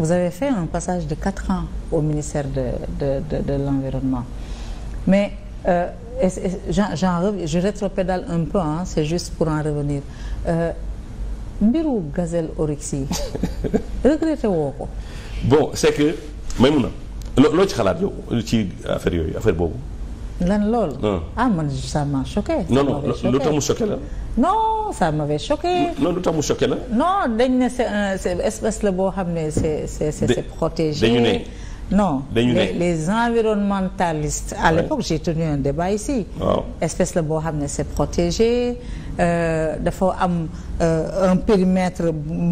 vous avez fait un passage de quatre ans au ministère de de de, de l'environnement mais euh, j'en je rétropédale un peu hein c'est juste pour en revenir euh, mbiru gazelle oryx yi regretté woo ko. bon c'est que Maïmouna loo ci xalaat yow ci affaire yooyu affaire boobu. lan lool ah man ça m'a choqué. non non lu tax mu choqué la. non ça m'avait choqué. non lu tax mu choqué la. non dañ ne c'est un espèce la boo xam ne c'est c'est c'est protégé. dañu ne. non dañu ne les environnementalistes à l'époque oui. j'ai tenu un débat ici espèce la boo xam ne c'est protégé euh, dafa am euh, un périmètre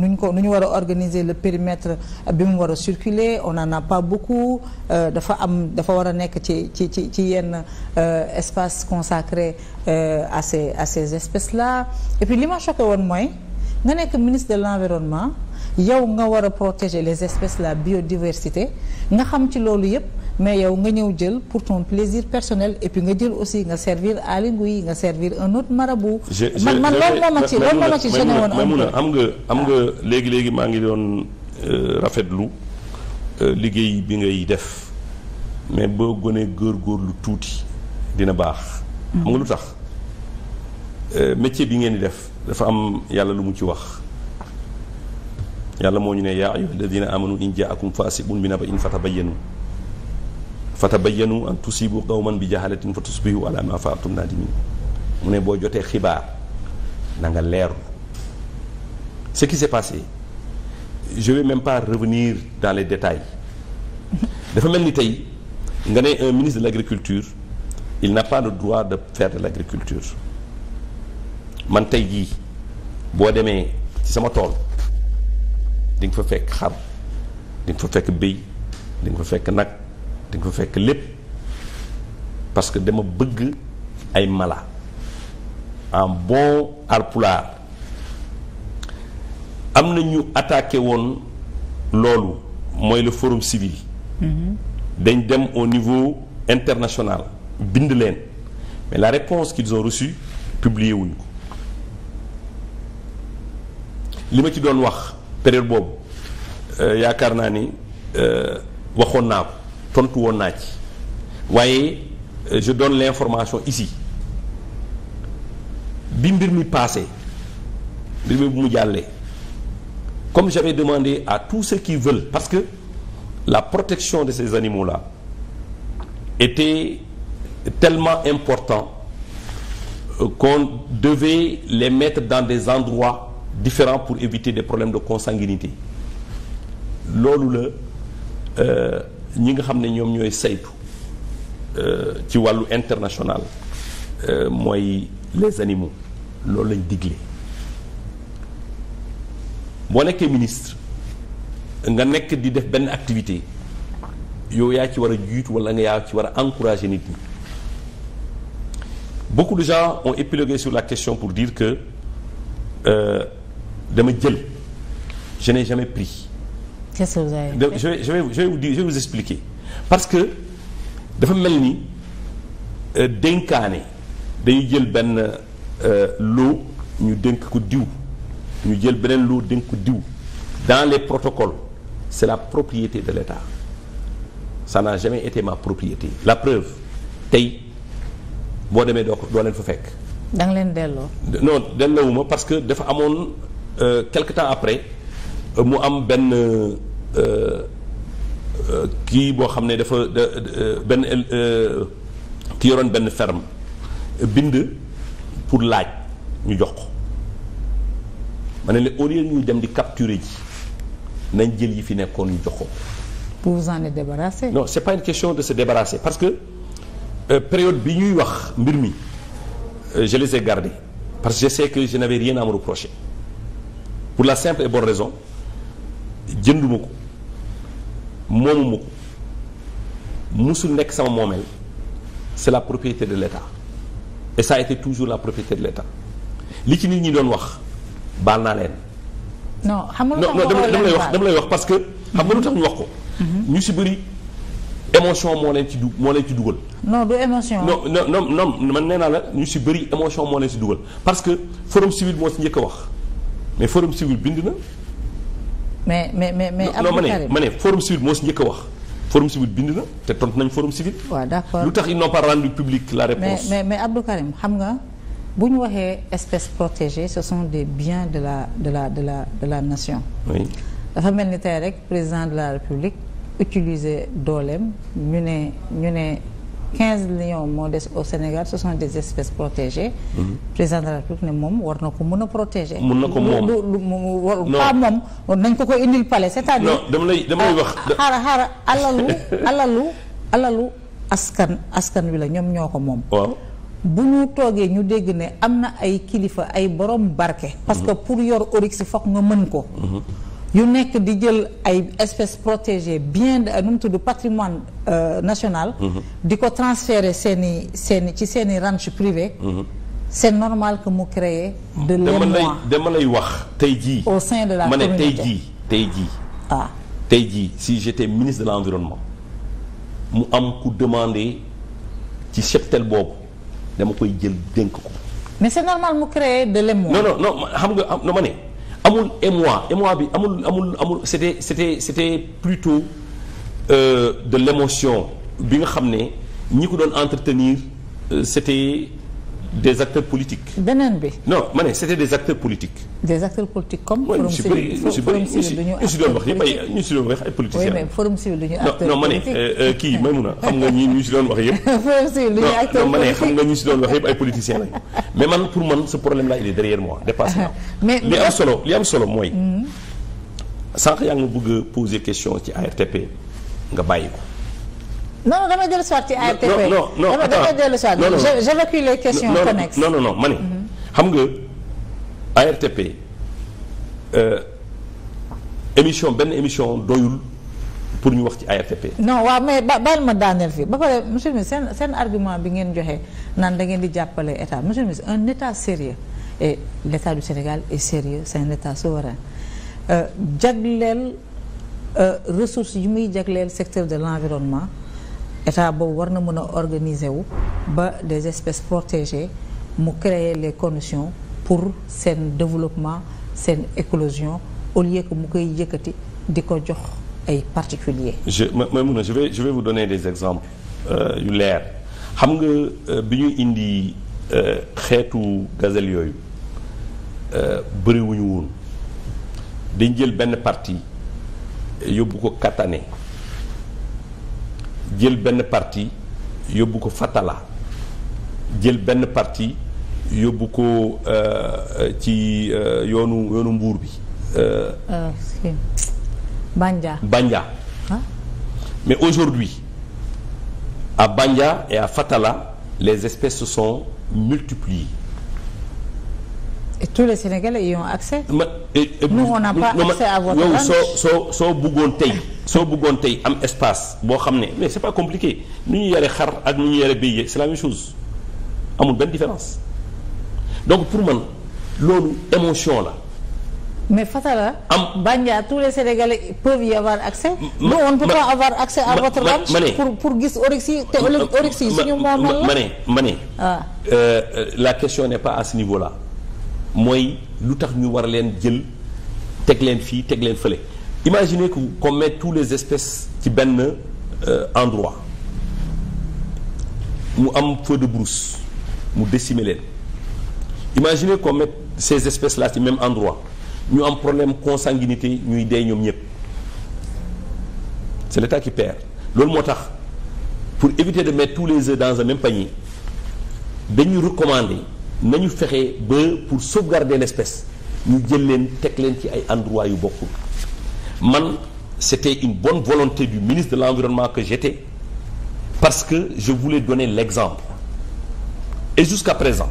nuñ ko nu ñu war a organiser le périmètre bi mu war a circuler on a a pas bu euh, dafa am dafa war a nekk ci ci ci ci yenn euh, espace consacré euh, à ces à ces espèces là li ma choqué woon mooy nga nekk ministre de l'environnement yow nga war a protéger les espèces la biodiversité nga xam ci loolu yëpp mais yow nga ñëw jël pour ton plaisir personnel et puis nga jël aussi nga servir alingu yi nga servir un autre marabout man man loolu moo ma ci loolu moo ma ci gêné woon nga am nga ah. léegi-léegi maa ngi doon euh, rafetlu euh, liggéey bi ngay def mais boo gonee góor góor lu tuuti dina baax xam nga lu hmm. tax euh, métier bi ngeen di def dafa am yàlla lu mu ci wax yàlla moo ñu ne yaa ayyuha alladina amanu in jaakum ba bi naba'in fatabayyanu fatabayyanu an tusibu man bi jahalatin fa tusbihu ala ma fa'altum nadimin mu ne boo jotee xibaar na nga leeru ce qui s'est passé je vais même pas revenir dans les détails dafa mel ni tey nga ne un ministre de l'agriculture il n'a pas droit de faire de l'agriculture man tey jii boo demee ci sama tool di nga fa fekk xar di nga fa fekk béy dañ nga fa fekk nag dañ nga fa fekk lépp parce que dama bëgg ay mala en bon alpulaar am na ñu attaqué woon loolu mooy le forum civil. Mm-hmm. dañ dem au niveau international bind leen mais la réponse qu'ils ont reçue publié wuñ ko li ma ci doon wax période boobu euh, yaakaar naa ni euh, waxoon naa ko tontu woon naa ci waaye euh, je donne l'information ici bi mbir mi passé mbir mi bu mu jàllee comme j'avais demande à tous ceux qui veulent parce que la protection de ces animaux-là était tellement importante qu'on devait les mettre dans des endroits différent pour éviter des problèmes de consanguinité loolu la euh, ñi nga xam ne ñoom ñooy saytu euh, ci wàllu international euh, mooy les animaux loolu lañ digle boo nekkee ministre nga nekk di def benn activité yow yaa ci war a juito wala nga yaa ci war a encourager nit ñi beaucoup de gens ont épilogué sur la question pour dire que dama jël je n'ai jamais pris. qu'est-ce que vous avez fait je vais je vais je vais vous dire parce que dafa mel ni euh, dénkaane dañu jël benn euh, loo ñu dënk ko diw ñu jël beneen loo dénk ko diw dans les protocoles c'est la propriété de l'État ça n'a jamais été ma propriété la preuve tey boo demee doo ko doo leen fa fekk. da leen delloo. non delloowuma parce que dafa amoon. Euh, quelque temps après euh, mu am benn euh, kii boo xam ne dafa benn ki yoroon benn ferme bind pour laaj ñu jox ko ma ne la au lieu ñuy dem di capturer ji nañ jël yi fi nekkoon ñu jox ko. pour vous en débarrasser. non c'est pas une question de se débarrasser parce que euh, période bi ñuy wax mbir mi je les ai gardés parce que je sais que je n'avais rien à pour la simple et bonne raison jënduma ko moomuma ko musul nekk sama moomeel c'est la propriété de l'État et ça été toujours la propriété de l'État li ci nit ñi doon wax baal naa leen. non xam nga lu tax dama lay wax dama lay wax parce que. xam nga lu tax ñu wax ko. Mhm. ñu si bëri émotion moo leen ci du moo leen ci dugal. non du émotion. non non non man nee la ñu si bëri émotion moo leen si dugal parce que forum civil moo si njëkk wax. mais forum civil bind na. mais mais mais mais. Abdou Karim ma ne forum civil moo si njëkk wax. forum civil bind na te tontu nañ forum civil. waaw d'accord lu tax ils n'ont pas rendu public la réponse mais mais xam nga bu ñu waxee espèces protégées ce sont des biens de la de la de la de la nation. dafa mel ni tey rek président de la république utiliser dooleem ñu ne ñu ne. quinze lions moo des au Sénégal ce sont des espèces protégées. Mhm. président de ne moom war na ko mën a protéger. mun na ko moom lu lu war pas moom nañ ko ko indil palais c'est-à-dire. dama lay dama lay wax. Ah, xaaral xaaral alalu alalu askan askan wi la ñoom ñoo ko moom. bu ñu toogee ñu dégg ne am na ay kilifa ay borom barke. parce mhm. que pour yor oryx foog nga mën ko. Mhm. yu nekk di jël ay espèces protégées bien euh, nu mu tudd patrimoine euh, national mm-hmm. di ko transférer seeni seeni ci seeni ranch privé mm -hmm. c'est normal que mu créer de l'émoi dama lay wax tey jii au sein de la ma ne tey jii tey jii ah tey jii si j'étais ministre de l'environnement mu am ku demander ci cheptel boobu dama koy jël dénk ko mais c'est normal mu créer de l'émoi non non non xam nga non ma ne amul émoi émoi bi amul amul amul c'était c'était c'était plutôt euh, de l'émotion bi nga xam ne ñi ko doon entretenir euh, c'était des acteurs politiques. beneen bi. non ma ne c'était des acteurs politiques. des acteurs politiques comme. forum civil forum civil du ñu. ñu si doon wax yëpp ay ñu si doon wax ay politiciens. oui mais ne euh, euh, xam nga ñi ñu si doon wax yëpp. forum xam nga ñu si doon wax yëpp ay politiciens lañu. mais man pour man ce problème là il est derrière moi dépassé naa. mais li am solo li am solo mooy. Hmm. sànq yaa ngi bëgg a poser question ci ARTP nga bàyyi ko. non non damay dellusiwaat ci ARTP. non non non damay dellusiwaat. non non j'évacue les questions connexes. Mhm. xam nga euh, ARTP euh, émission benn émission doyul pour ñu wax ci ARTP. non waaw mais ba ma daaneel fii ba pare monsieur le ministre seen argument bi ngeen joxe naan dangeen di jàppale état monsieur le ministre un état sérieux et l' état du Sénégal est sérieux c' est un état souverain euh, jagleel ressources yi muy jagleel secteur de l' environnement. état boobu war na mën a organiser wu ba des espèces protégées mu créer les conditions pour seen développement seen éclosion au lieu mu koy yëkkati di ko jox ay particuliers. je Maïmouna je vais je vais vous donner des exemples euh, yu leer xam nga euh, bi ñuy indi euh, xeetu gazelle yooyu bëriwuñu woon dañ jël benn partie yóbbu ko kattane jël benn parti yóbbu ko Fatala jël benn parti yóbbu ko euh, ci euh, yoonu yoonu mbuur bi. Euh, Bandia. Bandia. Ah. mais aujourd'hui à Bandia et Fatala les espèces se sont multipliées. et tous les Sénégalais y ont accès. ma eh, eh, nous on n'a pas accès à votre yow soo soo soo bëggoon tey soo bëggoon tey am espace boo xam ne mais c'est pas compliqué nu ñu yore xar ak nu ñu yore béy c'est la même chose amul benn différence donc pour man loolu émotion la. mais la am Bandia tous les Sénégalais peuvent y avoir accès. ma on ne peut pas avoir accès à votre ranch pour gis oryx yi te oryx yi suñu la ma ne ma ne. Ah. Euh, euh, la question n'est pas à ce niveau-là. mooy lu tax ñu war leen jël teg leen fii teg leen fële imaginez que qu'on met tous les espèces ci benn euh, endroit mu am feu de brousse mu décimer leen imaginez qu'on met ces espèces là ci même endroit ñu am problème consanguinité ñuy dee ñoom ñëpp c'est l'état qui perd loolu moo tax pour éviter de mettre tous les œufs dans un même panier dañu recommander ñu fexe ba pour sauvegarder l'espèce ñu jël leen teg leen ci ay endroit yu bokkul man c'était une bonne volonté du ministre de l'environnement que j'étais parce que je voulais donner l'exemple et jusqu'à présent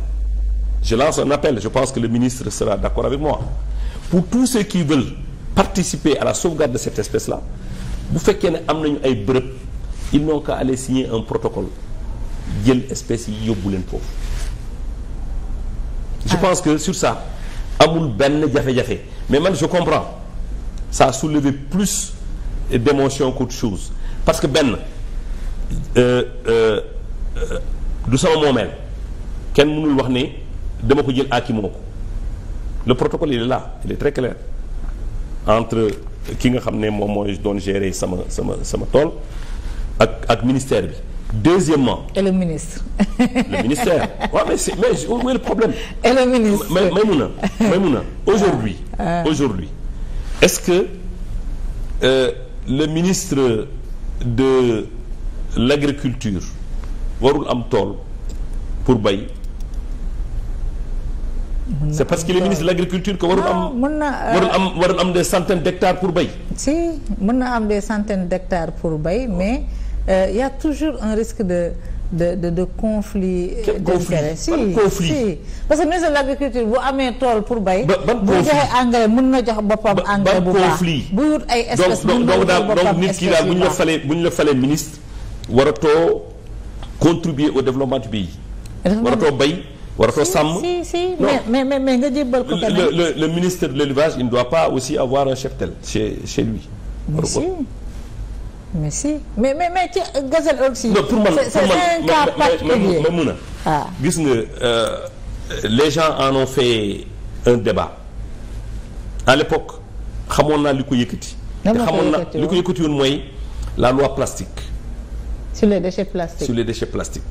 je lance un appel je pense que le ministre sera d'accord avec moi pour tous ceux qui veulent participer à la sauvegarde de cette espèce la bu fekkee ne am nañu ay bërëb ils n'ont qu'à aller signer un protocole jël espèce yi yóbbu leen foofu je ah. pense que sur sa amul benn jafe-jafe mais man je comprends sa a soulevé plus d'émotion qu'autre chose parce que benn euh, euh, euh, du sama moomeel kenn mënul wax ne dama ko jël aki moo ko le protocole il est là il est très clair entre ki nga xam ne moom mooy doon gérer sama sama sama tool ak ak ministère bi deuxièmement. et le ministre. le ministère waaw mais c'est mais où est le problème. et le ministre mais Maïmouna Maïmouna aujourd'hui ah. aujourd'hui est-ce que euh, le ministre de l'agriculture warul am tool pour bay. c'est parce qu'il est ministre de l'agriculture que warul am ah, mën na euh, warul am warul am des centaines d'hectares pour bay. si mën na am des centaines d'hectares pour bay oh. mais. euh, y toujours un risque de de de de conflit. d'intérêt si conflit si parce que ministre de l'agriculture bu amee tool pour bay. ba ban joxe engrais mën na jox boppam. engrais bu baax bu wut ay espèces. mën na jox boppam donc nit ki daal bu ñu la falee bu ñu la falee ministre. waratoo contribuer au développement du pays. waratoo bay. waratoo sàmm si mais mais mais nga jébbal ko. le le le ministre de l'élevage il ne doit pas aussi avoir un cheptel chez chez lui. mais si mais mais mais ci gazelle aussi. non pour man c'est un cas particulier ma mun a. Ah. gis nga euh, les gens en ont fait un débat à l'époque xamoon naa li ko yëkkati. te xamoon naa li ko yëkkati woon mooy la loi plastique. sur les déchets plastiques sur les déchets plastiques.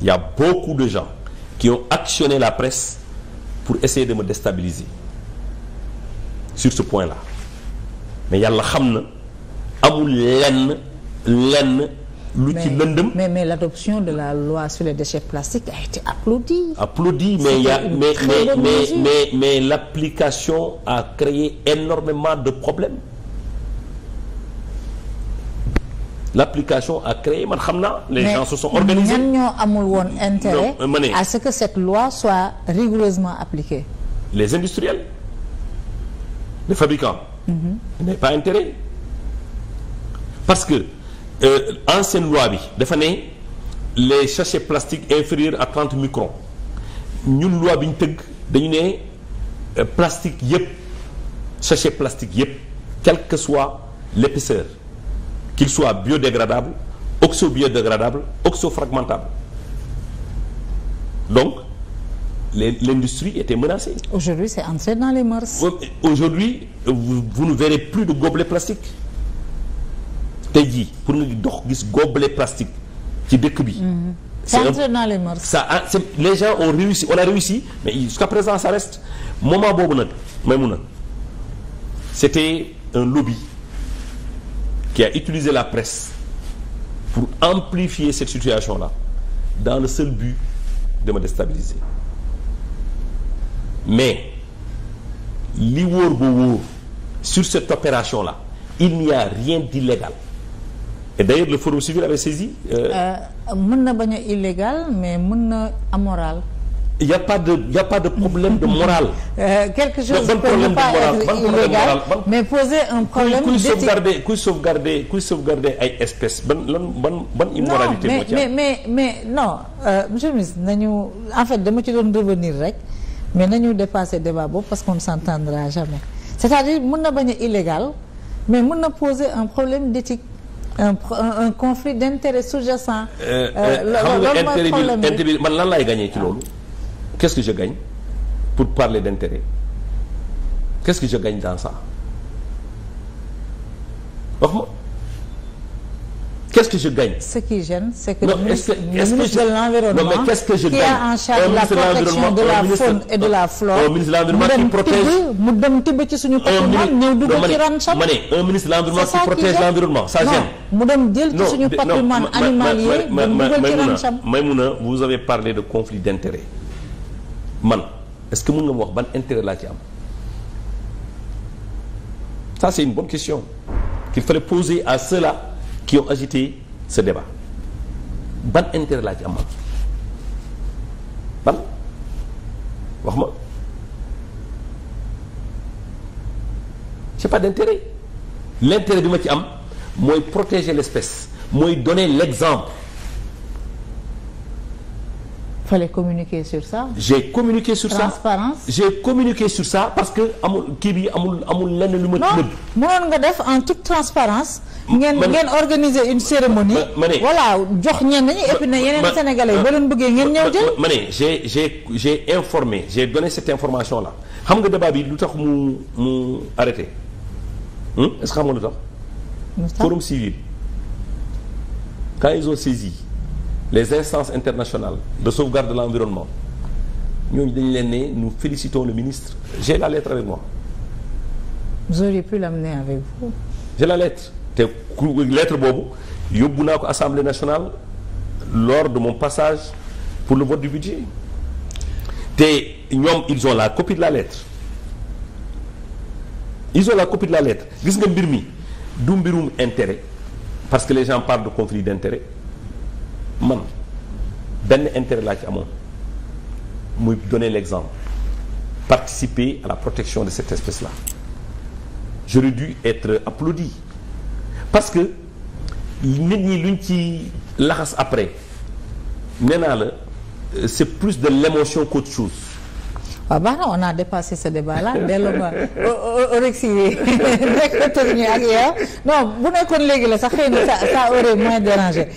il y a beaucoup de gens qui ont actionné la presse pour essayer de me déstabiliser sur ce point-là mais yàlla xam na. amul lenn lenn. lu ci lëndëm mais mais l'adoption de la loi sur les déchets plastiques a été applaudie. applaudie mais y a mais mais mais l'application a créé énormément de problèmes. l'application a créé man xam na les gens se sont organisés mais amul woon intérêt. à ce que cette loi soit rigoureusement appliquée. les industriels les fabricants. mm pas intérêt. parce que euh, ancienne loi bi dafa ne les sachets plastiques inférieurs à 30 microns ñun loi bi ñu tëgg dañu ne euh, plastiques yëpp sachet plastique yëpp quelle que soit l'épaisseur qu'il soit biodégradable oxo biodégradable oxo fragmentable donc les l'industrie était menacée. aujourd'hui c'est entré dans les mœurs. aujourd'hui vous, vous ne verrez plus de gobelets plastiques. tey jii pour nga dox gis gobelet plastique ci dëkk bi. Mhm. c'est un ça ah, les gens ont réussi on a réussi mais jusqu'à présent ça reste moment boobu nag may mun a c'était un lobby qui a utiliser la presse pour amplifier cette situation la dans le seul but de me déstabiliser mais li wóor ba wóor sur cette opération la il n'y a rien d'illégal et d'ailleurs le forum civil avait saisi. Euh, euh, mën na bañ a illégal mais mën na amoral. il y a pas de il y a de problème de morale. Euh, quelque chose bon peut ne illégal mais poser un problème d'éthique. kuy sauvegarder kuy sauvegarder kuy sauvegarder ay espèces ban lan ban ban immoralité. moo mais mais mais non euh, monsieur le nañu en fait dama ci doon revenir rek mais nañu dépasser débat boobu parce qu'on ne s'entendra jamais c'est-à-dire mën na bañ illégal mais mën na poser un problème d'éthique un un, un conflit d'intérêt sous-jacent. Euh, euh, euh, la mooy problème bi intérêt bi man lan laay gagné ci loolu. qu'est-ce que je gagne pour parler d'intérêt qu'est-ce que je gagne dans ça que je gagne Ce qui gêne, c'est que ministre, est-ce que, est-ce que je, de l'Environnement, non, mais quest qui gagne en charge de la protection de la faune et de la flore, un ministre de l'Environnement qui protège mu dem tibb ci suñu ma ne un ministre de l'Environnement qui protège l'environnement ça gêne mu dem vous avez parlé de conflit d'intérêt man est-ce que mën nga ma wax ban intérêt laa ci am ça c'est une bonne question qu'il fallait qui ont agité ce débat ban intérêt laa ci am ban wax ma c'est pas d'intérêt l'intérêt bi ma ci am mooy protéger l'espèce mooy donner l'exemple fallait communiquer sur ça. j'ai communiqué sur transparence. ça j'ai communiqué sur ça parce que amul kii bi amul amul lenn lu ma. non mënoon nga def en toute transparence ngeen ngeen organiser une cérémonie. ma ne voilà jox ñenn ñi et puis ne yeneen sénégalais yi boo leen bëggee ngeen ñëw jël. ma ne j'ai j'ai j'ai informé j'ai donné cette information là xam nga débat bi lu tax mu mu arrêté hmm? est-ce que xam nga lu tax. forum civil quand ils ont saisi. les instances internationales de sauvegarde de l'environnement ñooñu dañu leen ne nous félicitons le ministre j'ai la lettre avec moi. vous auriez pu l'amener avec vous. j'ai la lettre te ku lettre boobu yóbbu naa ko assemblée nationale lors de mon passage pour le vote du budget te ñoom ils ont la copie de la lettre ils ont la copie de la lettre gis nga mbir mi du mbirum intérêt parce que les gens parlent de conflit d'intérêt man benn intérêt la ci amoon muy donner l'exemple participer à la protection de cette espèce là j'aurais dû être applaudi parce que nit ñi luñ ci laxas après nee la c'est plus de l'émotion qu'autre chose waaw baax na on a dépassé ce débat là delloo ma Oryx yi nekk tëruñu ak non bu nekkoon léegi la sax xëy na ça aurait moins dérangé